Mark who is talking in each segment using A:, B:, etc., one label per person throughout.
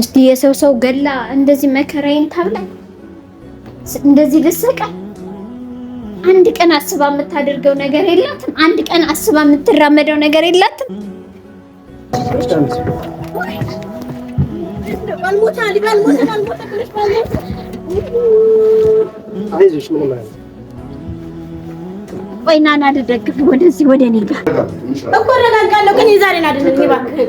A: እስቲ የሰው ሰው ገላ እንደዚህ መከራዬን ታብላ እንደዚህ ልሰቀ አንድ ቀን አስባ የምታደርገው ነገር የላትም። አንድ ቀን አስባ የምትራመደው ነገር የላትም። ቆይ ና ና ልደግፍ ወደዚህ ወደ እኔ ጋር እኮ እረጋጋለሁ፣ ግን የዛሬን አይደለም እባክህ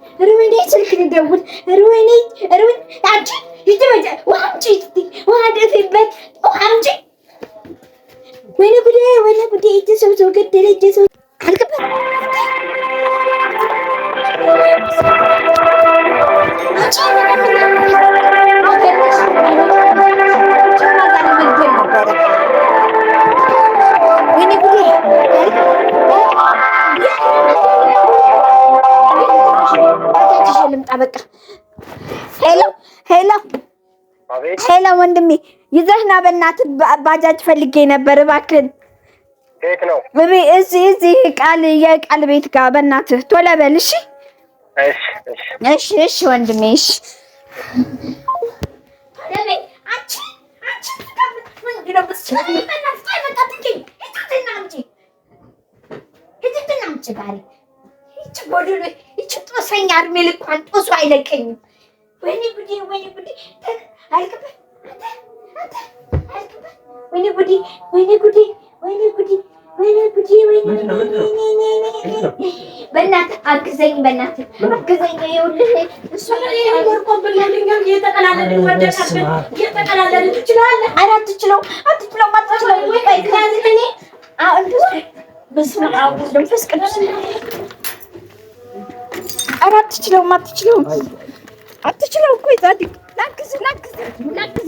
A: ሩሜኔ ስልክ ልደውል ሩሜኔ ሩሜኔ አንቺ ሂጂ ወደ ወንጪ ውሃ ወይኔ ጉዴ ወይኔ ጉዴ እጅ ሰው ሰው ገደለ እጅ ሰው አልገባም አንቺ በቃ። ሄሎ ሄሎ ሄሎ፣ ወንድሜ ይዘህና በእናትህ ባጃጅ ፈልጌ ነበር እባክህን። ቤት ነው እዚህ እዚህ ቃል የቃል ቤት ጋር በእናትህ ቶሎ በል እሺ። እሺ እሺ ወንድሜ እሺ። ጦሰኛ እድሜ ልኳን ጦሱ አይለቀኝም። ወይኔ ጉዴ፣ ወይኔ ጉዴ፣ አልቅበት፣ ወይኔ ጉዴ፣ ወይኔ ጉዴ፣ ወይኔ ጉዴ፣ ወይኔ ጉዴ፣ ወይኔ በእናትህ አግዘኝ፣ በእናትህ አግዘኝ። ይኸውልህ እሱ ወርቆብኛል፣ እየተቀላለድን ወደቀብን፣ እየተቀላለድን ትችላለህ። ኧረ አትችለውም፣ አትችለውም፣ አትችለውም። እኔ በስመ አብ ወወልድ ቅዱስ ኧረ አትችለውም፣ አትችለውም፣ አትችለውም እኮ የጻድቅ ላግዝ፣ ላግዝ፣ ላግዝ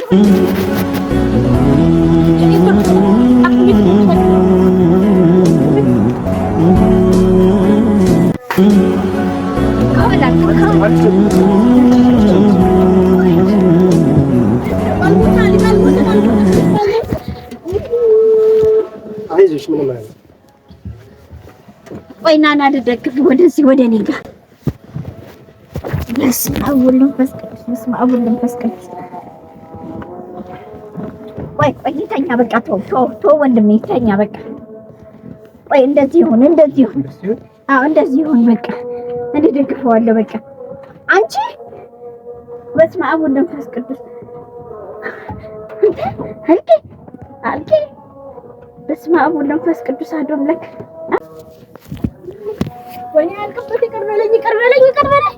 A: ቆይ ና ልደግፍ ወደዚህ ወደ እኔ ጋር በስመ አብ ወወልድ ወመንፈስ ቅዱስ። በስመ አብ ወወልድ ወመንፈስ ቅዱስ። ቆይ ቆይ በቃ ተው ተው ተው ወንድሜ ተኛ፣ በቃ ቆይ። እንደዚህ ይሁን እንደዚህ ይሁን፣ አዎ እንደዚህ ይሁን። በቃ እኔ ደግፈዋለሁ። በቃ አንቺ በስመ አብ ወወልድ ወመንፈስ ቅዱስ። አንቺ አንቺ፣ በስመ አብ ወወልድ ወመንፈስ ቅዱስ አሐዱ አምላክ። ወይኔ አልቅበት፣ ይቅር በለኝ፣ ይቅር በለኝ፣ ይቅር በለኝ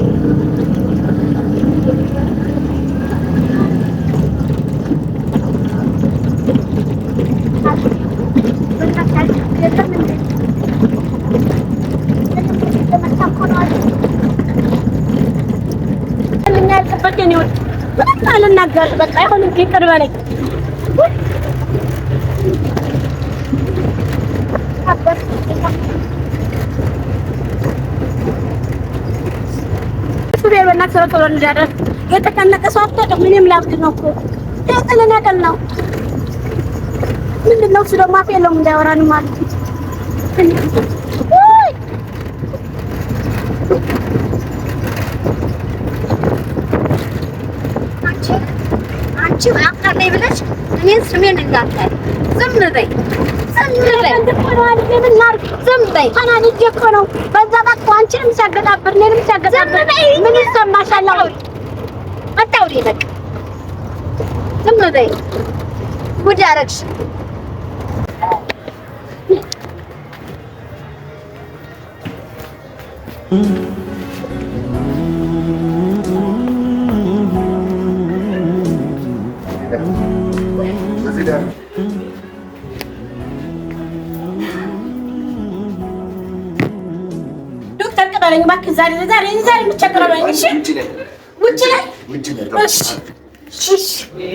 A: አጋጥ በቃ አይሆንም። ይቅር በለኝ። በእናትህ ሰው ቶሎ እንዳደረግ የተቀነቀ ሰው አታውቅም። እኔም ላብድ ነው እኮ ቀለና ቀል ነው ምንድን ነው እሱ ደግሞ አፍ የለውም እንዳያወራንም አለ አንቺ አቃለይ ብለሽ እኔን ስሜን እንዳታይ ዝም በይ፣ ዝም በይ፣ ዝም እኮ ነው በዛ በቃ አንቺንም ሲያገጣብር እኔንም ሲያገጣብር ምን ይሰማሻል? አታውሪ፣ በቃ ዝም በይ። ጉድ አደረግሽ። మాకు జరిగి జరిగి జరిగి చక్రం మనిషి
B: బుచ్చిలే బుచ్చిలే
A: బుచ్చిలే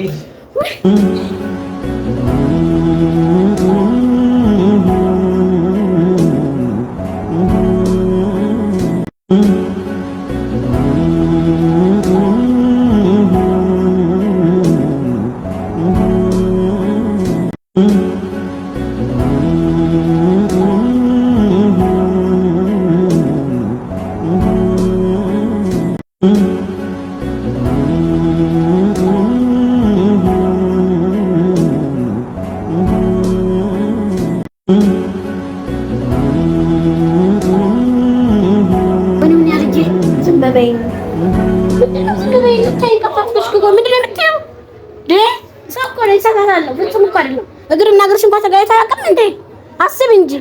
A: አስብ እንጂ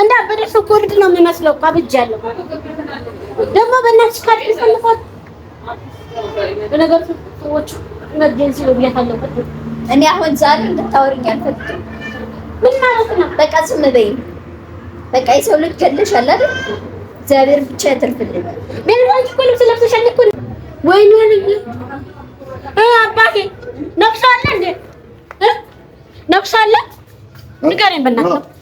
A: እንደ አበደሽ እኮ እብድ ነው የሚመስለው እኮ አብጃለሁ። ደግሞ በእናትሽ ካድሬ ሰልፏል። በነገር ሰዎች መገን ሲሉ ብያታለሁበት እኔ አሁን ዛሬ እንድታወሪኝ አልፈልግም። ምን ማለት ነው? በቃ ዝም በይ። በቃ የሰው ልጅ ገለሻል አይደል? እግዚአብሔር ብቻ ያትርፍልኝ። ቤልባንች እኮ ልብስ ለብሰሻል እኮ ወይ ነው ልጅ እ አባቴ ነፍሳለ እንዴ እ ነፍሳለ ንገረኝ በእናትህ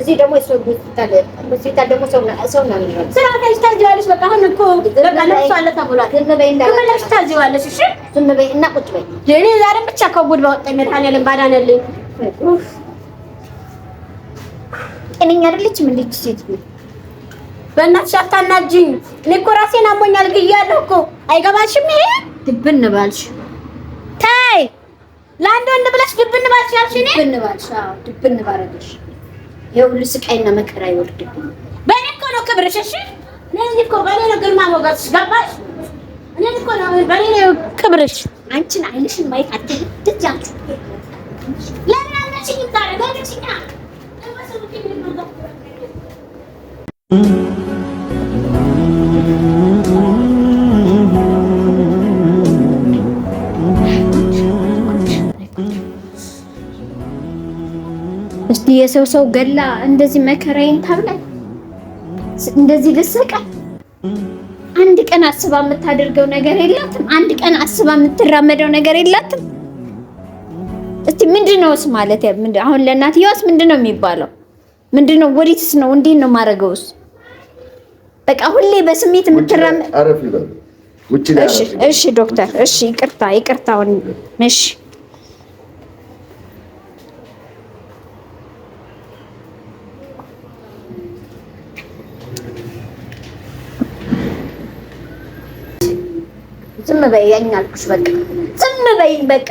A: እዚህ ደግሞ የሰው ሆስፒታል ሆስፒታል ደግሞ ሰው ነው ሰው ነው የሚሆነው። ስራ ታጅ ታጅዋለሽ። በቃ አሁን እኮ በቃ ለብሷ አለ ተብሏል። ዝም በይ እንዳልኩሽ ታጅዋለሽ። እሺ ዝም በይ እና ቁጭ በይ። እኔ ዛሬ ብቻ ከቡድ ባወጣኝ መድኃኒዓለም ባዳነልኝ። ጤነኛ አይደለችም እንዴ ሴት? በእናትሽ አታናጂኝ። እኔ እኮ ራሴን አሞኛል ግያለሁ እኮ። አይገባሽም ይሄ ድብን ባልሽ ታይ ለአንድ ወንድ ብለሽ ድብን ባልሽ ያልሽ እኔ ድብን ባልሽ። አዎ ድብን ባረግሽ የሁሉ ስቃይና መከራ ይወርድብኝ። በእኔ እኮ ነው ክብርሽ። እሺ እኔ እኮ በእኔ ነው ግርማ ሞገስሽ። ገባሽ? እኔ እኮ ነው በእኔ ነው ክብርሽ። አንቺን አይንሽን ማየት አትደጃችሁ። ለምን አለሽኝ ታረጋግጭኛ የሰው ሰው ገላ እንደዚህ መከራዬን ታብላ እንደዚህ ልሰቀ አንድ ቀን አስባ የምታደርገው ነገር የላትም። አንድ ቀን አስባ የምትራመደው ነገር የላትም። እስቲ ምንድነውስ ማለት አሁን ለእናትየዋስ ምንድነው የሚባለው? ምንድነው? ወዴትስ ነው? እንዴት ነው ማድረገውስ? በቃ ሁሌ በስሜት የምትራመድ። እሺ ዶክተር፣ እሺ ይቅርታ፣ ይቅርታውን እሺ ዝም በይ አልኩሽ። በቃ ዝም በይ በቃ።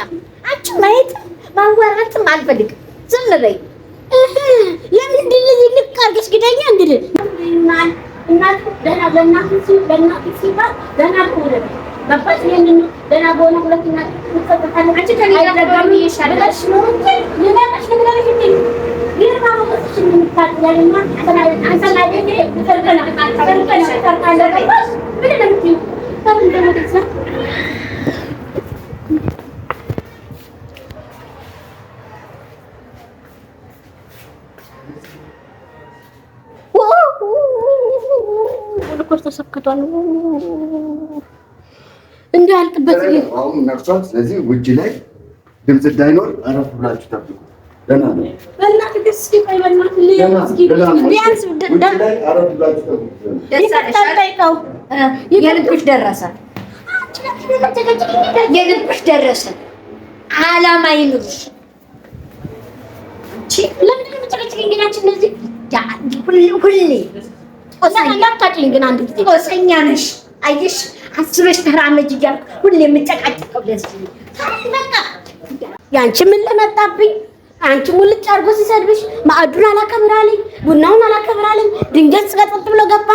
A: አንቺ ማየትም ማዋራትም አልፈልግም። ዝም በይ። ለምንድን እዚህ ይልቅ አድርገሽ ግደኛ እንግዲህ እናት ደህና ለእናት ደህና ደህና ሁለት እናት ብለሽ ነው እንዴ ተሰክቷል እንዳያልቅበት
B: አሁን ነርሷል። ስለዚህ ውጭ ላይ ድምፅ እንዳይኖር አረፍ ብላችሁ ጠብቁ። ደህና ነው።
A: የልብሽ ደረሰ የልብሽ ደረሰ። አላማ ይኑርሽ። ሁሌ ጦሰኛ ነሽ። አየሽ አስበሽ ተራመጅ እያልኩ ሁሌ የምጨቃጨቀው ለዚህ ያንቺ ምን ለመጣብኝ አንቺ ሙልጭ አድርጎ ሲሰድብሽ ማዕዱን አላከብራለኝ፣ ቡናውን አላከብራለኝ። ድንገት ጽቀጥጥ ብሎ ገባ።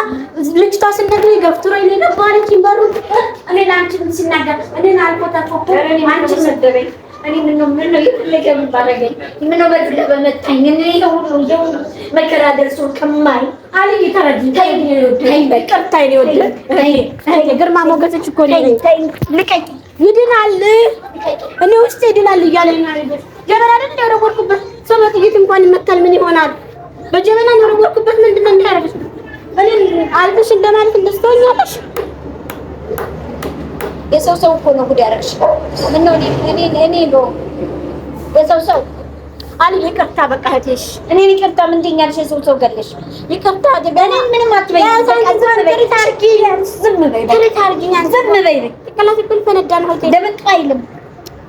A: ልጅቷ ስነግር ገፍትሮ እኔ ገባለች ይበሩ እኔ ለአንቺ ሲናገር እኔ አልኮ ተኮኮ አንቺ ሰደበኝ እኔ ምን በዚህ ይሄው መከራ ደርሶ ከማይ ወደ ግርማ ሞገሰች እኮ ልቀኝ ይድናል እኔ ውስጥ ይድናል እያለኝ ጀበና አይደል እንደ ሰው በጥይት እንኳን ይመታል ምን ይሆናል በጀበና የወረወርኩበት ምንድን ነው እንዳያረግሽ እኔ አልፈሽ እንደስተኛለሽ የሰው ሰው እኮ ነው ጉድ ያደረግሽ። ምነው እኔ እኔ ነው የሰው ሰው አሊ ይቅርታ፣ በቃ እህቴሽ እኔ ይቅርታ። ምን ትይኛለሽ? የሰው ሰው ገለሽ። ይቅርታ ደበና ምንም አትበይ። ትርት አድርጊኝ፣ ዝም በይ። ትርት ዝም በይ። ጭንቅላት እኮ ሊፈነዳ ነው። ደበቅ አይልም።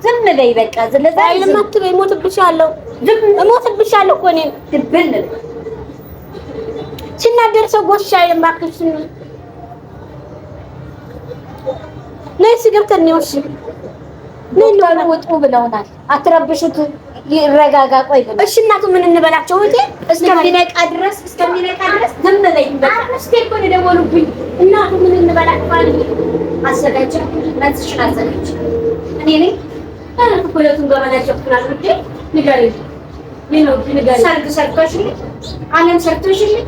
A: ዝም በይ በቃ። ስለዛ አይልም አትበይ። እሞትብሻለሁ፣ እሞትብሻለሁ እኮ እኔ። ድብን ሲናደር ሰው ጎሽ አይልም እባክሽ ነይ እስኪ ገብተን ነው። እሺ ዶክተሩ ውጡ ብለውናል። አትረብሹት፣ ይረጋጋ። ቆይ ብለው እሺ። እናቱ ምን እንበላቸው? እቴ እስከሚነቃ ድረስ እስከሚነቃ ድረስ ዝም በለኝ። አምስቴ እኮ ነው የደወሉብኝ። እናቱ ምን እንበላቸው? አዘጋጅ፣ መልስሽን አዘጋጅ። እኔ ነኝ ሁለቱን ገመናቸው ክናል ውዴ፣ ንገሪኝ። ሰርግ ሰርቶሽልኝ፣ አለም ሰርቶሽልኝ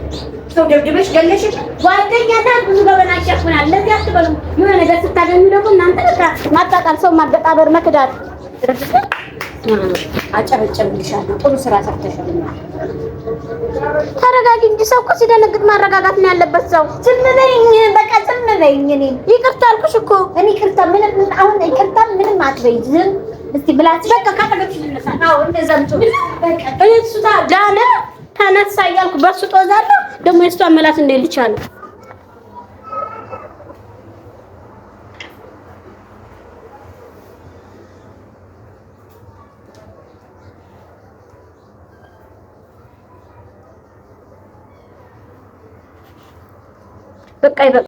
A: ሰው ደብድበሽ ገለሽሽ። ጓደኛና ብዙ ገበና ይሸፍናል። ለዚህ አትበሉ። የሆነ ነገር ስታገኙ ደግሞ እናንተ በቃ ማጣጣል፣ ሰው ማገጣበር፣ መክዳት አጨበጨብልሻለሁ። ጥሩ ስራ ሰርተሻል። ተረጋጊ እንጂ ሰው እኮ ሲደነግጥ ማረጋጋት ነው ያለበት። ሰው ዝም በይኝ፣ በቃ ዝም በይኝ። እኔ ይቅርታ አልኩሽ እኮ እኔ ይቅርታ ምንም አሁን ይቅርታ ምንም አትበይ። ዝም እስቲ ብላችሁ በቃ ካጠገብሽ ልነሳ። አዎ እንደዛ ምጭ በቃ እሱ ዳነ ተነሳ እያልኩ በሱ ጦዛለሁ። ደግሞ የእሷን መላት እንዴት ልቻለሁ? በቃ